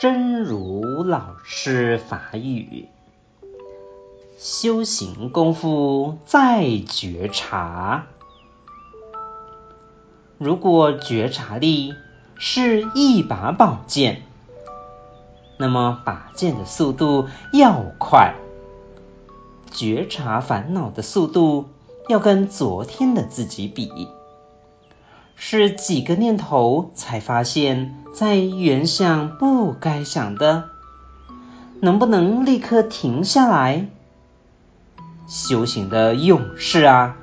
真如老師法語，修行功夫在覺察。如果覺察力是一把寶劍，那麼拔劍的速度要快，覺察煩惱的速度要跟昨天的自己比。是幾個念頭才發現，在緣想不該想的，能不能立刻停下來？修行的勇士啊，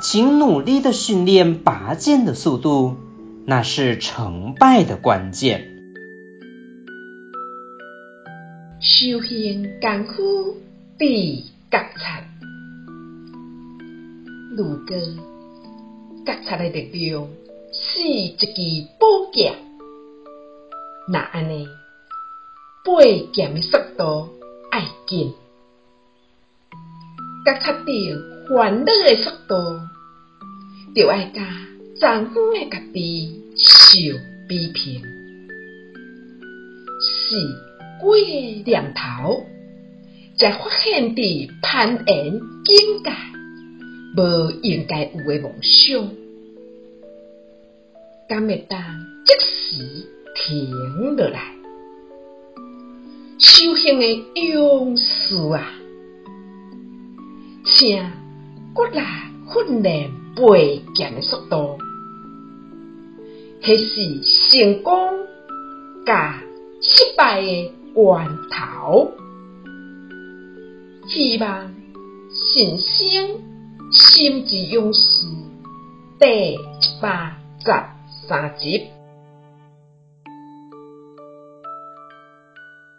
請努力地訓練拔劍的速度，那是成敗的關鍵。修行艱苦，必甲產，魯根。覺察來的鏢是一支寶劍，那安尼，拔劍的速度愛緊，覺察著煩惱的速度就愛甲前方的家己相比拼，是幾點頭才發現地攀岩境界。無應該有誒夢想，敢會當即時停落來，修行誒勇士啊，請骨力訓練拔劍誒速度，迄是成功甲失敗誒關頭，希望新生。新心之勇士，第一百一十三集。